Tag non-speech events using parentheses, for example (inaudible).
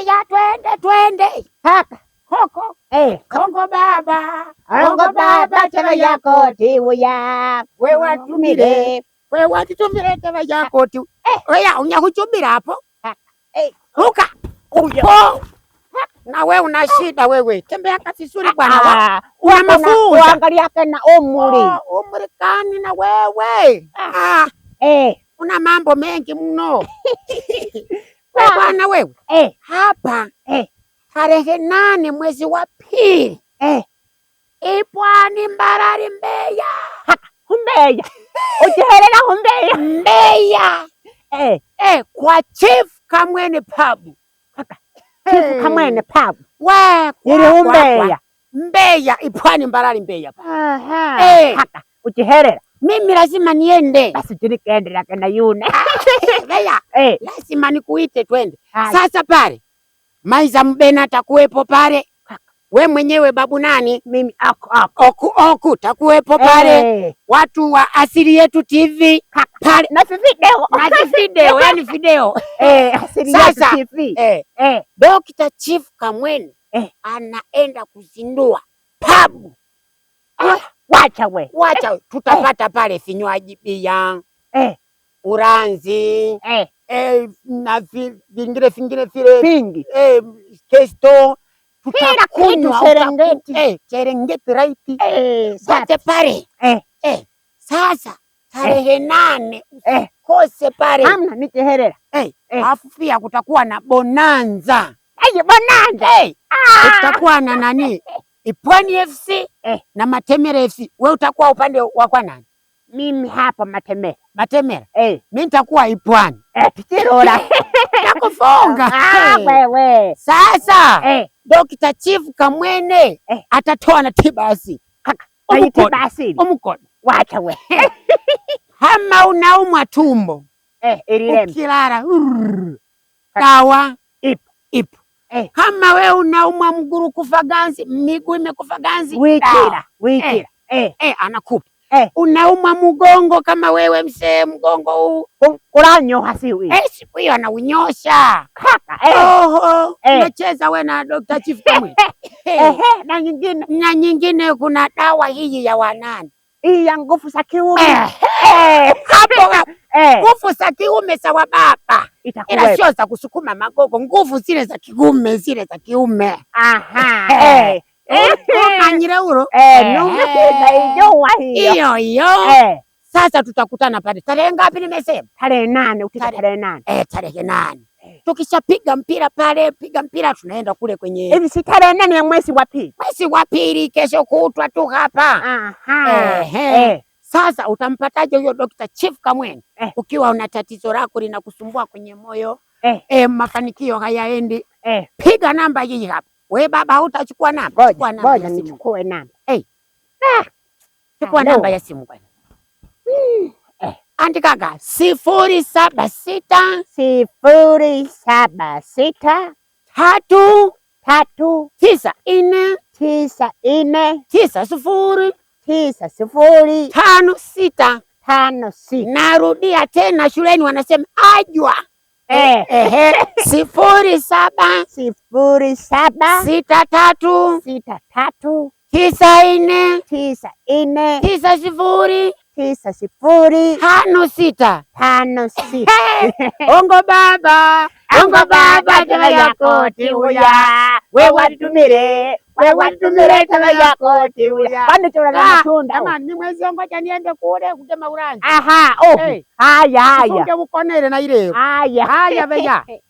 Haya, twende twende hapa koko eh, Kongo baba, Kongo baba, teva yako tiuya we watumire we watitumire teva yako tiu eh, weya unyakuchumira hapo eh, ruka upo na we una shida wewe, tembea suri bwana, ah. una mafuu angalia kana umuri oh, umuri kani na wewe ah. ah, eh, una mambo mengi mno (laughs) Sasa bwana wewe eh, hapa eh, tarehe nane mwezi wa pili eh, ipwani Mbarali Mbeya Mbeya ucihelela Mbeya Mbeya eh, eh, kwa Chief Kamwene Pabu Chief Kamwene Pabu we ili Mbeya Mbeya ipwani Mbarali Mbeya eh. ucihelela mimi lazima niende. Basi tunikaende lake na yuna ah, (laughs) eh, Lazima nikuite twende sasa pale Maiza Mbena atakuwepo pale, we mwenyewe babu nani mimi aku, aku. Oku, oku takuwepo pale hey. Watu wa Asili Yetu TV pale na video na video (laughs) yani video hey, Asili Yetu TV hey. Hey. Dokta Chief Kamwene hey. Anaenda kuzindua pabu Wacha we. Wacha eh, tutapata eh, pale vinywaji pia eh, uranzi eh, eh, na vingine vingine vile vingi eh, kesto tutakunywa Serengeti eh, Serengeti raiti eh, sate pale eh, eh, sasa tarehe eh, nane eh, kose pale hamna niteherera eh, eh, afu pia kutakuwa na bonanza eh, bonanza eh, kutakuwa ah. na nani (laughs) Ipwani FC eh, na Matemere FC. Wewe utakuwa upande wa kwa nani? Mimi hapa Matemere. Matemere? Eh. Mimi nitakuwa Ipwani. Eh, tikirora. (laughs) Nakufunga. Ah, wewe. Sasa eh, Dr. Chief Kamwene eh, atatoa na tiba asili. Kaka, tiba asili. Umkodi. Wacha wewe. (laughs) Hama unaumwa tumbo. Eh, ililema. Ukilala. Kawa. ipo. Ipo eh. Kama we unaumwa mguru kufa ganzi, miguu imekufa ganzi, wekera wikira eh. Eh, Eh. anakupa eh. Unaumwa mgongo kama wewe msee, mgongo huu si siwi eh, siku hiyo anaunyosha kaka eh. Oho eh. Unacheza we na Dr. Chief Kamwe (laughs) eh, eh. eh. Na nyingine na nyingine, kuna dawa hii ya wanani hii ya nguvu za kiume eh. eh. Hapo Eh. nguvu za kiume za wababa ila sio za kusukuma magogo, nguvu zile za kiume zile za kiume manyire eh. Eh. uro iyo iyo. Sasa tutakutana pale tarehe ngapi? Nimesema tarehe nane. Ukifika tarehe nane, eh, tarehe nane tukishapiga mpira pale, piga mpira, tunaenda kule kwenye hivi, si tarehe nane ya mwezi wa pili? Mwezi wa pili, kesho kutwa tu hapa. Aha. Eh, sasa utampataje huyo Dr. Chief Kamweni eh, ukiwa una tatizo lako linakusumbua kwenye moyo eh, eh mafanikio hayaendi eh. Piga namba hii hapa. We baba, hautachukua namba? Chukua namba ya simu, namba eh, chukua namba ya simu bwana. Hmm. Eh, Andikaga sifuri saba sita sifuri saba sita tatu tatu tisa ine tisa ine tisa sifuri tisa sifuri tano sita tano sita. Narudia tena, shuleni wanasema ajwa Eh, eh, sifuri saba sifuri saba sita tatu sita tatu tisa nne tisa nne tisa sifuri tisa sifuri tano sita tano sita. Ongo baba, ongo baba, jamaa yako tiuya, we watumire wewe tumeleta ya koti uya. chura na ah, matunda. Kama ni mwezi ngoja niende kule kugema uranje. Aha, oh. Haya haya. Unge na ile. Haya. Haya beja. (laughs)